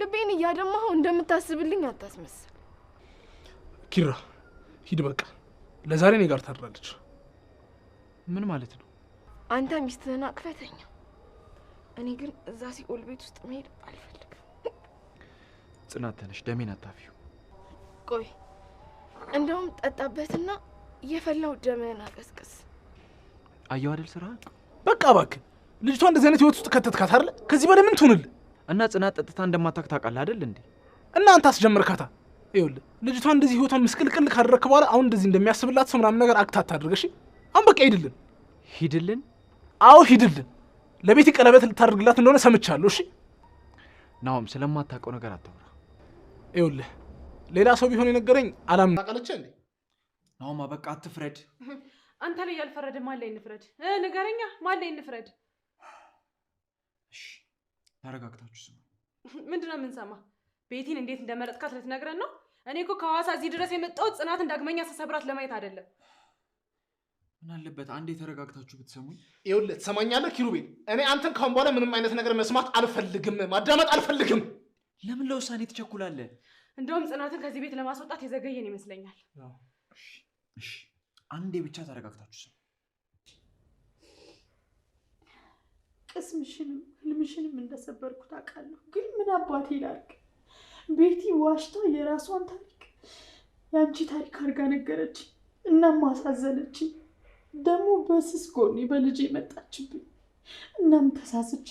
ልቤን እያደማኸው እንደምታስብልኝ አታስመስል። ኪራ ሂድ በቃ፣ ለዛሬ እኔ ጋር ታድራለች። ምን ማለት ነው? አንተ ሚስትህን ክፈተኛ እኔ ግን እዛ ሲኦል ቤት ውስጥ መሄድ አልፈልግም። ጽናት ተነሽ፣ ደሜን አታፊው። ቆይ እንደውም ጠጣበትና የፈላው ደምህን አቀስቅስ። አየዋደል አይደል ስራ። በቃ እባክህ ልጅቷ እንደዚህ አይነት ህይወት ውስጥ ከተትካት አለ። ከዚህ በላይ ምን ትሆንልህ? እና ጽናት ጠጥታ እንደማታክ ታውቃለህ አይደል እንዴ? እና አንተ አስጀምርካታ። ይኸውልህ ልጅቷ እንደዚህ ህይወቷን ምስቅልቅል ካደረክ በኋላ አሁን እንደዚህ እንደሚያስብላት ሰው ምናምን ነገር አክታት ታድርገሽ። አሁን በቃ ሂድልን፣ ሂድልን። አዎ ሂድልን። ለቤት ቀለበት ልታደርግላት እንደሆነ ሰምቻለሁ። እሺ ናውም፣ ስለማታውቀው ነገር አታውራ። ይኸውልህ ሌላ ሰው ቢሆን የነገረኝ አላም ታውቃለች እንዴ? ናውማ በቃ አትፍረድ። አንተ ላይ ያልፈረደ ማን ላይ እንፍረድ? ንገረኛ፣ ማን ላይ እንፍረድ? እሺ ተረጋግታችሁ ስማ። ምንድነው የምንሰማ? ቤቲን እንዴት እንደመረጥካት ልትነግረን ነው? እኔ እኮ ከሐዋሳ እዚህ ድረስ የመጣሁት ጽናትን ዳግመኛ ስሰብራት ለማየት አይደለም። ምን አለበት አንዴ ተረጋግታችሁ ብትሰሙኝ። ይኸውልህ ትሰማኛለህ ኪሩቤል፣ እኔ አንተን ካሁን በኋላ ምንም አይነት ነገር መስማት አልፈልግም፣ ማዳመጥ አልፈልግም። ለምን ለውሳኔ ትቸኩላለህ? እንደውም ጽናትን ከዚህ ቤት ለማስወጣት የዘገየን ይመስለኛል። አንዴ ብቻ ተረጋግታችሁ ስማ። ቅስምሽንም ህልምሽንም እንደሰበርኩ ታውቃለሁ። ግን ምን አባቴ ላርግ? ቤቲ ዋሽታ የራሷን ታሪክ የአንቺ ታሪክ አድርጋ ነገረች። እናም አሳዘነችኝ። ደግሞ በስስ ጎኔ በልጄ መጣችብኝ። እናም ተሳስቻ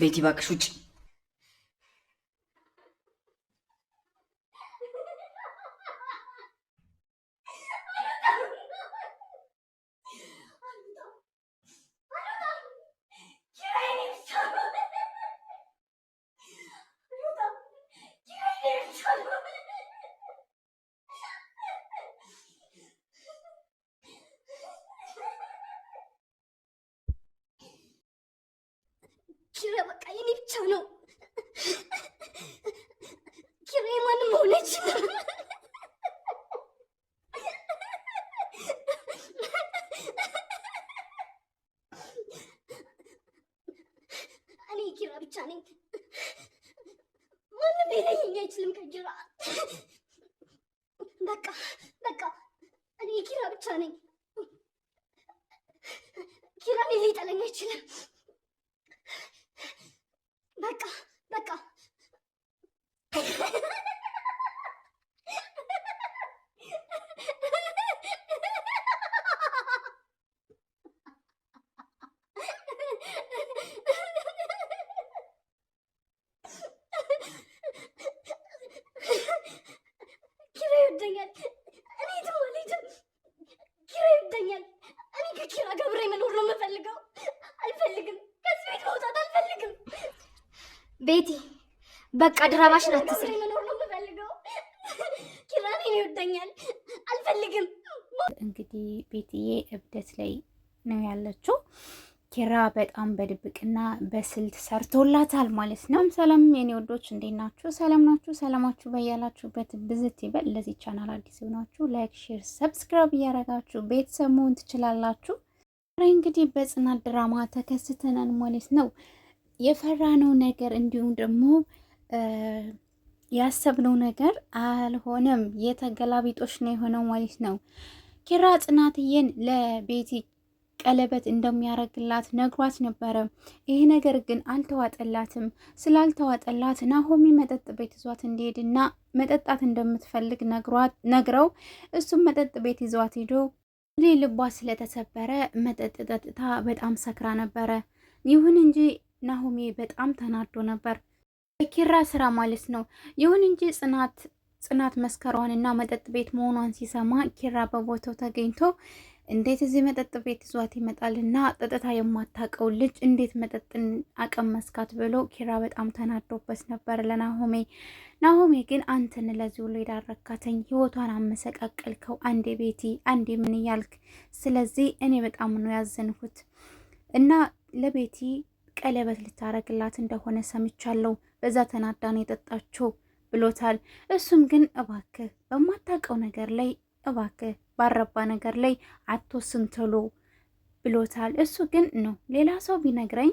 ቤቲ እባክሽ ውጭ ነው በቃ የኔ ብቻ ነው። ኪራ ማንም ሆነች እኔ ኪራ ብቻ ነኝ። ማንም ሊለየኝ አይችልም ከኪራ በቃ በቃ እኔ ኪራ ብቻ ነኝ። ኪራ ሊጠለኝ አይችልም። በቃ በቃ ቤቲ በቃ ድራማሽን አትስሪ። ኪራን ይወደኛል አልፈልግም። እንግዲህ ቤትዬ እብደት ላይ ነው ያለችው። ኪራ በጣም በድብቅና በስልት ሰርቶላታል ማለት ነው። ሰላም የኔ ወዶች እንዴት ናችሁ? ሰላም ናችሁ? ሰላማችሁ በያላችሁበት ብዝት ይበል። ለዚህ ቻናል አዲስ ሆናችሁ ላይክ፣ ሼር፣ ሰብስክራይብ እያደረጋችሁ ቤተሰብ መሆን ትችላላችሁ። እንግዲህ በጽናት ድራማ ተከስተናል ማለት ነው። የፈራነው ነገር እንዲሁም ደግሞ ያሰብነው ነገር አልሆነም። የተገላቢጦሽ ነው የሆነው ማለት ነው። ኪራ ጽናትዬን ለቤቲ ቀለበት እንደሚያደርግላት ነግሯት ነበረ። ይህ ነገር ግን አልተዋጠላትም። ስላልተዋጠላት ናሆሚ መጠጥ ቤት ይዟት እንዲሄድና መጠጣት እንደምትፈልግ ነግረው እሱም መጠጥ ቤት ይዟት ሄዶ ልቧ ስለተሰበረ መጠጥ ጠጥታ በጣም ሰክራ ነበረ። ይሁን እንጂ ናሆሜ በጣም ተናዶ ነበር። የኪራ ስራ ማለት ነው። ይሁን እንጂ ጽናት ጽናት መስከሯን እና መጠጥ ቤት መሆኗን ሲሰማ ኪራ በቦታው ተገኝቶ እንዴት እዚህ መጠጥ ቤት ይዟት ይመጣልና ጠጥታ የማታውቀው ልጅ እንዴት መጠጥን አቀመስካት ብሎ ኪራ በጣም ተናዶበት ነበር ለናሆሜ። ናሆሜ ግን አንተን ለዚህ ሁሉ የዳረካተኝ ህይወቷን አመሰቃቀልከው፣ አንዴ ቤቲ አንዴ ምን እያልክ፣ ስለዚህ እኔ በጣም ነው ያዘንኩት እና ለቤቲ ቀለበት ልታረግላት እንደሆነ ሰምቻለሁ፣ በዛ ተናዳን የጠጣችው ብሎታል። እሱም ግን እባክህ በማታውቀው ነገር ላይ እባክህ ባረባ ነገር ላይ አትወስን ቶሎ ብሎታል። እሱ ግን ነው ሌላ ሰው ቢነግረኝ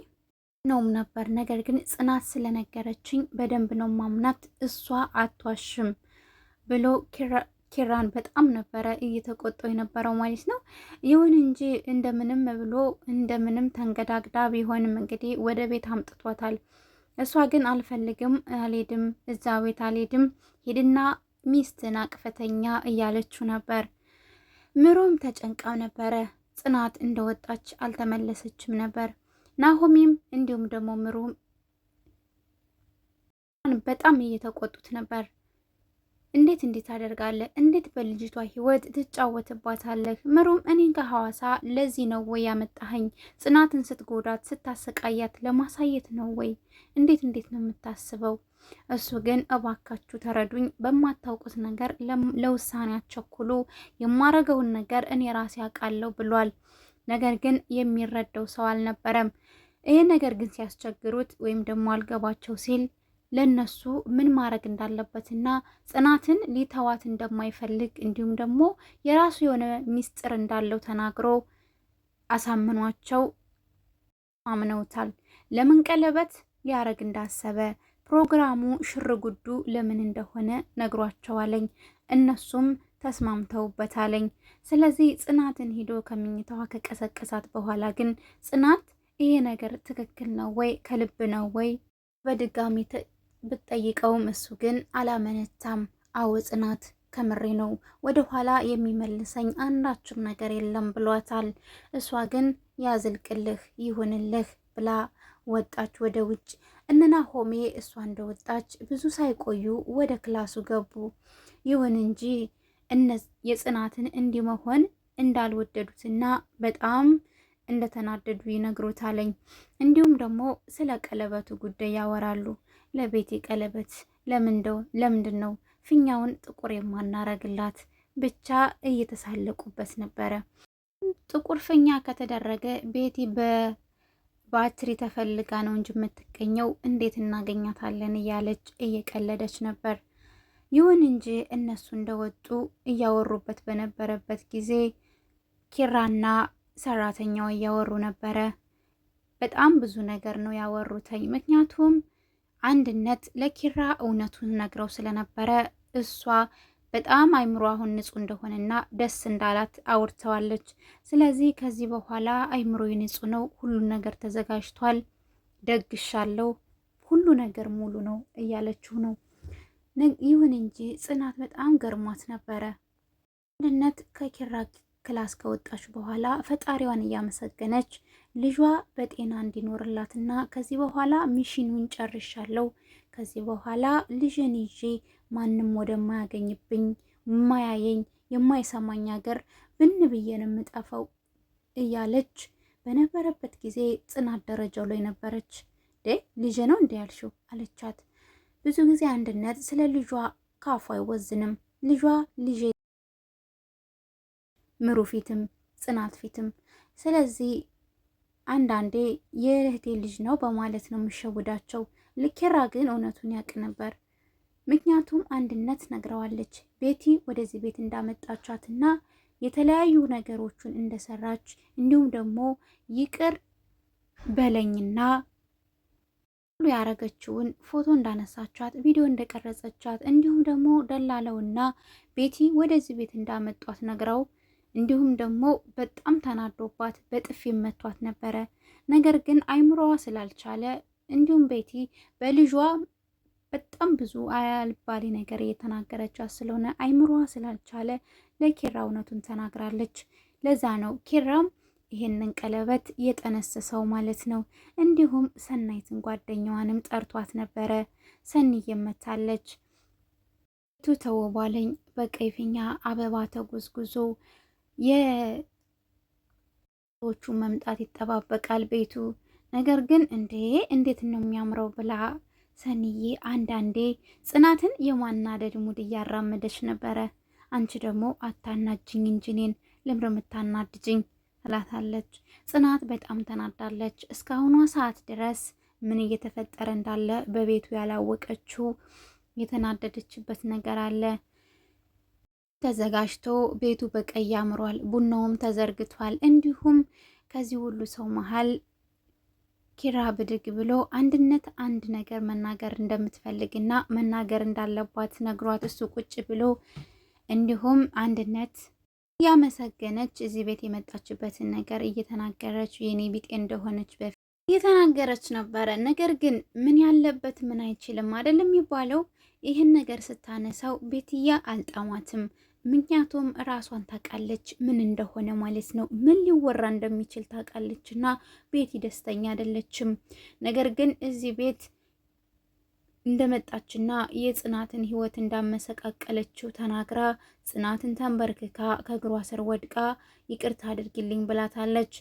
ነውም ነበር። ነገር ግን ጽናት ስለነገረችኝ በደንብ ነው ማምናት፣ እሷ አትዋሽም ብሎ ኪራን በጣም ነበረ እየተቆጠው የነበረው ማለት ነው። ይሁን እንጂ እንደምንም ብሎ እንደምንም ተንገዳግዳ ቢሆንም እንግዲህ ወደ ቤት አምጥቷታል። እሷ ግን አልፈልግም፣ አልሄድም፣ እዛ ቤት አልሄድም፣ ሂድና ሚስትን አቅፈተኛ እያለችው ነበር። ምሮም ተጨንቃ ነበረ። ጽናት እንደወጣች አልተመለሰችም ነበር። ናሆሚም እንዲሁም ደግሞ ምሮም በጣም እየተቆጡት ነበር። እንዴት እንዴት ታደርጋለህ? እንዴት በልጅቷ ህይወት ትጫወትባታለህ? ምሩም እኔን ከሐዋሳ ለዚህ ነው ወይ ያመጣኸኝ? ጽናትን ስትጎዳት ስታሰቃያት ለማሳየት ነው ወይ? እንዴት እንዴት ነው የምታስበው? እሱ ግን እባካችሁ ተረዱኝ፣ በማታውቁት ነገር ለውሳኔ አቸኩሉ የማረገውን ነገር እኔ ራሴ አውቃለሁ ብሏል። ነገር ግን የሚረዳው ሰው አልነበረም። ይሄ ነገር ግን ሲያስቸግሩት ወይም ደግሞ አልገባቸው ሲል ለነሱ ምን ማድረግ እንዳለበትና ጽናትን ሊተዋት እንደማይፈልግ እንዲሁም ደግሞ የራሱ የሆነ ሚስጥር እንዳለው ተናግሮ አሳምኗቸው አምነውታል። ለምን ቀለበት ሊያረግ እንዳሰበ ፕሮግራሙ ሽርጉዱ ለምን እንደሆነ ነግሯቸዋለኝ። እነሱም ተስማምተውበታለኝ። ስለዚህ ጽናትን ሂዶ ከምኝታዋ ከቀሰቀሳት በኋላ ግን ጽናት ይሄ ነገር ትክክል ነው ወይ? ከልብ ነው ወይ? በድጋሚ ብትጠይቀውም እሱ ግን አላመነታም። አዎ ጽናት ከምሬ ነው፣ ወደ ኋላ የሚመልሰኝ አንዳችም ነገር የለም ብሏታል። እሷ ግን ያዝልቅልህ ይሁንልህ ብላ ወጣች ወደ ውጭ። እነና ሆሜ እሷ እንደወጣች ብዙ ሳይቆዩ ወደ ክላሱ ገቡ። ይሁን እንጂ የጽናትን እንዲህ መሆን እንዳልወደዱትና በጣም እንደተናደዱ ይነግሩታለኝ። እንዲሁም ደግሞ ስለ ቀለበቱ ጉዳይ ያወራሉ። ለቤቴ ቀለበት ለምንደው ለምንድን ነው ፊኛውን ጥቁር የማናረግላት? ብቻ እየተሳለቁበት ነበረ። ጥቁር ፊኛ ከተደረገ ቤቲ በባትሪ ተፈልጋ ነው እንጂ የምትገኘው እንዴት እናገኛታለን እያለች እየቀለደች ነበር። ይሁን እንጂ እነሱ እንደወጡ እያወሩበት በነበረበት ጊዜ ኪራና ሰራተኛው እያወሩ ነበረ። በጣም ብዙ ነገር ነው ያወሩተኝ ምክንያቱም አንድነት ለኪራ እውነቱን ነግረው ስለነበረ እሷ በጣም አይምሮ አሁን ንጹህ እንደሆነና ደስ እንዳላት አውርተዋለች። ስለዚህ ከዚህ በኋላ አይምሮ ንጹህ ነው፣ ሁሉ ነገር ተዘጋጅቷል፣ ደግሻለሁ፣ ሁሉ ነገር ሙሉ ነው እያለችው ነው። ይሁን እንጂ ጽናት በጣም ገርሟት ነበረ። አንድነት ከኪራ ክላስ ከወጣች በኋላ ፈጣሪዋን እያመሰገነች ልጇ በጤና እንዲኖርላትና ከዚህ በኋላ ሚሽኑን ጨርሻለሁ፣ ከዚህ በኋላ ልጅን ይዤ ማንም ወደማያገኝብኝ የማያየኝ የማይሰማኝ ሀገር ብን ብዬ ነው የምጠፋው እያለች በነበረበት ጊዜ ጽናት ደረጃው ላይ ነበረች። ዴ ልጅ ነው እንዲ ያልሽው አለቻት። ብዙ ጊዜ አንድነት ስለ ልጇ ካፉ አይወዝንም። ልጇ ልጄ ምሩ ፊትም ጽናት ፊትም ስለዚህ አንዳንዴ የእህቴ ልጅ ነው በማለት ነው የምሸውዳቸው። ልኬራ ግን እውነቱን ያውቅ ነበር። ምክንያቱም አንድነት ነግረዋለች ቤቲ ወደዚህ ቤት እንዳመጣቻትና የተለያዩ ነገሮችን እንደሰራች እንዲሁም ደግሞ ይቅር በለኝና ሁሉ ያረገችውን ፎቶ እንዳነሳቻት ቪዲዮ እንደቀረጸቻት እንዲሁም ደግሞ ደላለውና ቤቲ ወደዚህ ቤት እንዳመጧት ነግረው እንዲሁም ደግሞ በጣም ተናዶባት በጥፊ መቷት ነበረ። ነገር ግን አይምሮዋ ስላልቻለ እንዲሁም ቤቲ በልጇ በጣም ብዙ አያልባሌ ነገር እየተናገረቻት ስለሆነ አይምሮዋ ስላልቻለ ለኪራ እውነቱን ተናግራለች። ለዛ ነው ኪራም ይህንን ቀለበት የጠነሰሰው ማለት ነው። እንዲሁም ሰናይትን ጓደኛዋንም ጠርቷት ነበረ። ሰኒ የመታለች ቱ ተወባለኝ በቀይ ፊኛ አበባ ተጉዝጉዞ የዎቹ መምጣት ይጠባበቃል ቤቱ። ነገር ግን እንዴ እንዴት ነው የሚያምረው ብላ ሰኒዬ አንዳንዴ ጽናትን የማናደድ ሙድ እያራመደች ነበረ። አንቺ ደግሞ አታናጅኝ እንጂ እኔን ልምር የምታናድጅኝ ትላታለች። ጽናት በጣም ተናዳለች። እስካሁኗ ሰዓት ድረስ ምን እየተፈጠረ እንዳለ በቤቱ ያላወቀችው የተናደደችበት ነገር አለ። ተዘጋጅቶ ቤቱ በቀይ አምሯል። ቡናውም ተዘርግቷል። እንዲሁም ከዚህ ሁሉ ሰው መሀል ኪራ ብድግ ብሎ አንድነት አንድ ነገር መናገር እንደምትፈልግና መናገር እንዳለባት ነግሯት እሱ ቁጭ ብሎ እንዲሁም አንድነት ያመሰገነች እዚህ ቤት የመጣችበትን ነገር እየተናገረች የኔ ቢጤ እንደሆነች በፊት እየተናገረች ነበረ። ነገር ግን ምን ያለበት ምን አይችልም አይደለም የሚባለው። ይህን ነገር ስታነሳው ቤትያ አልጣማትም። ምክንያቱም ራሷን ታውቃለች፣ ምን እንደሆነ ማለት ነው። ምን ሊወራ እንደሚችል ታውቃለች። እና ቤቲ ደስተኛ አይደለችም። ነገር ግን እዚህ ቤት እንደመጣችና የጽናትን ህይወት እንዳመሰቃቀለችው ተናግራ ጽናትን ተንበርክካ ከእግሯ ስር ወድቃ ይቅርታ አድርጊልኝ ብላታለች።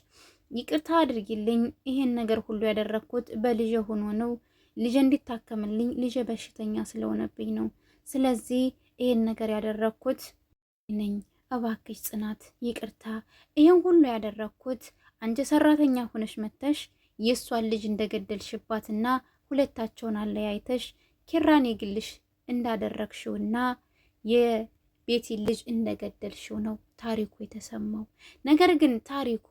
ይቅርታ አድርጊልኝ፣ ይሄን ነገር ሁሉ ያደረግኩት በልጄ ሆኖ ነው። ልጄ እንዲታከምልኝ ልጄ በሽተኛ ስለሆነብኝ ነው። ስለዚህ ይሄን ነገር ያደረግኩት ነኝ እባክሽ ጽናት ይቅርታ፣ ይህን ሁሉ ያደረግኩት አንቺ ሰራተኛ ሆነሽ መጥተሽ የእሷን ልጅ እንደገደልሽባትና ሁለታቸውን አለያይተሽ ኪራን የግልሽ እንዳደረግሽውና የቤቲን ልጅ እንደገደልሽው ነው ታሪኩ የተሰማው። ነገር ግን ታሪኩ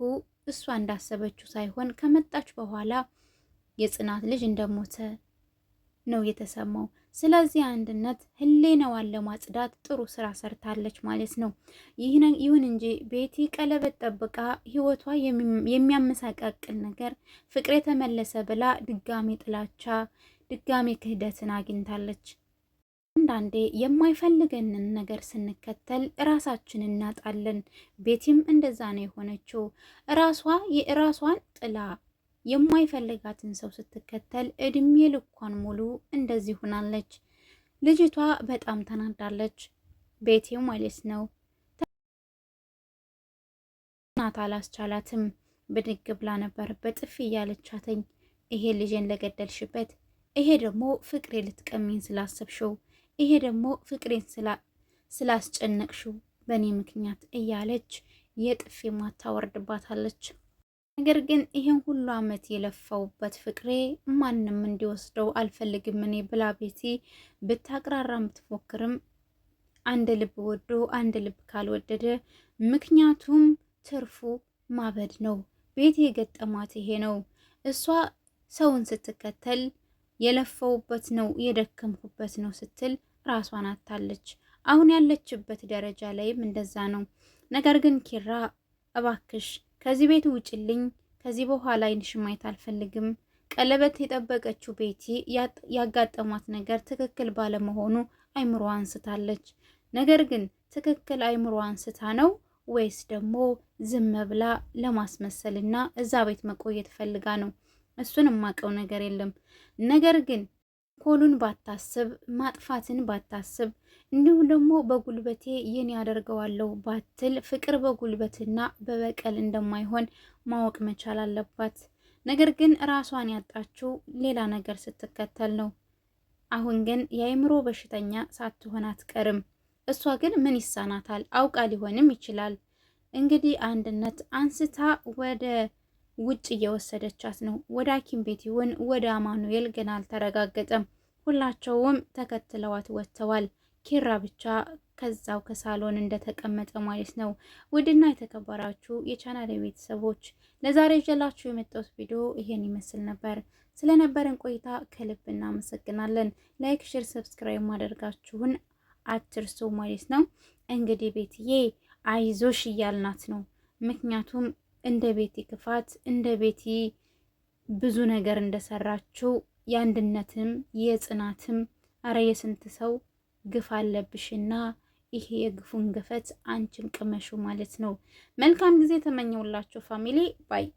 እሷ እንዳሰበችው ሳይሆን ከመጣች በኋላ የጽናት ልጅ እንደሞተ ነው የተሰማው። ስለዚህ አንድነት ህሊናዋን ለማጽዳት ጥሩ ስራ ሰርታለች ማለት ነው። ይሁን እንጂ ቤቲ ቀለበት ጠብቃ ህይወቷ የሚያመሳቃቅል ነገር ፍቅሬ ተመለሰ ብላ ድጋሜ ጥላቻ፣ ድጋሜ ክህደትን አግኝታለች። አንዳንዴ የማይፈልገንን ነገር ስንከተል ራሳችን እናጣለን። ቤቲም እንደዛ ነው የሆነችው ራሷ የራሷን ጥላ የማይፈልጋትን ሰው ስትከተል እድሜ ልኳን ሙሉ እንደዚህ ሆናለች። ልጅቷ በጣም ተናዳለች። ቤቴው ማለት ነው ናት አላስቻላትም። ብድግ ብላ ነበር በጥፊ እያለቻተኝ ይሄ ልጄን ለገደልሽበት፣ ይሄ ደግሞ ፍቅሬ ልትቀሚን ስላሰብሽው፣ ይሄ ደግሞ ፍቅሬን ስላስጨነቅሽው በእኔ ምክንያት እያለች የጥፊ ማታወርድባታለች። ነገር ግን ይህን ሁሉ ዓመት የለፋውበት ፍቅሬ ማንም እንዲወስደው አልፈልግም እኔ ብላ ቤቲ ብታቅራራ ብትሞክርም አንድ ልብ ወዶ አንድ ልብ ካልወደደ ምክንያቱም ትርፉ ማበድ ነው። ቤቲ የገጠማት ይሄ ነው። እሷ ሰውን ስትከተል የለፈውበት ነው የደከምኩበት ነው ስትል ራሷን አታለች። አሁን ያለችበት ደረጃ ላይም እንደዛ ነው። ነገር ግን ኪራ እባክሽ ከዚህ ቤት ውጭልኝ፣ ከዚህ በኋላ አይንሽ ማየት አልፈልግም። ቀለበት የጠበቀችው ቤቲ ያጋጠሟት ነገር ትክክል ባለመሆኑ አይምሮ አንስታለች። ነገር ግን ትክክል አይምሮ አንስታ ነው ወይስ ደግሞ ዝም ብላ ለማስመሰልና እዛ ቤት መቆየት ፈልጋ ነው? እሱን የማውቀው ነገር የለም። ነገር ግን ኮሉን ባታስብ ማጥፋትን ባታስብ እንዲሁም ደግሞ በጉልበቴ ይህን ያደርገዋለሁ ባትል ፍቅር በጉልበትና በበቀል እንደማይሆን ማወቅ መቻል አለባት። ነገር ግን ራሷን ያጣችው ሌላ ነገር ስትከተል ነው። አሁን ግን የአእምሮ በሽተኛ ሳትሆን አትቀርም። እሷ ግን ምን ይሳናታል? አውቃ ሊሆንም ይችላል። እንግዲህ አንድነት አንስታ ወደ ውጭ እየወሰደቻት ነው። ወደ ሐኪም ቤት ይሁን ወደ አማኑኤል ገና አልተረጋገጠም። ሁላቸውም ተከትለዋት ወጥተዋል። ኪራ ብቻ ከዛው ከሳሎን እንደተቀመጠ ማለት ነው። ውድና የተከበራችሁ የቻናል ቤተሰቦች ለዛሬ ይዤላችሁ የመጣሁት ቪዲዮ ይሄን ይመስል ነበር። ስለነበረን ቆይታ ከልብ እናመሰግናለን። ላይክ፣ ሼር፣ ሰብስክራይብ ማድረጋችሁን አትርሱ ማለት ነው። እንግዲህ ቤትዬ አይዞሽ እያልናት ነው ምክንያቱም እንደ ቤቲ ክፋት እንደ ቤቲ ብዙ ነገር እንደሰራችው የአንድነትም የጽናትም አረ የስንት ሰው ግፍ አለብሽና ይሄ የግፉን ገፈት አንቺም ቅመሹ ማለት ነው። መልካም ጊዜ ተመኘውላችሁ ፋሚሊ ባይ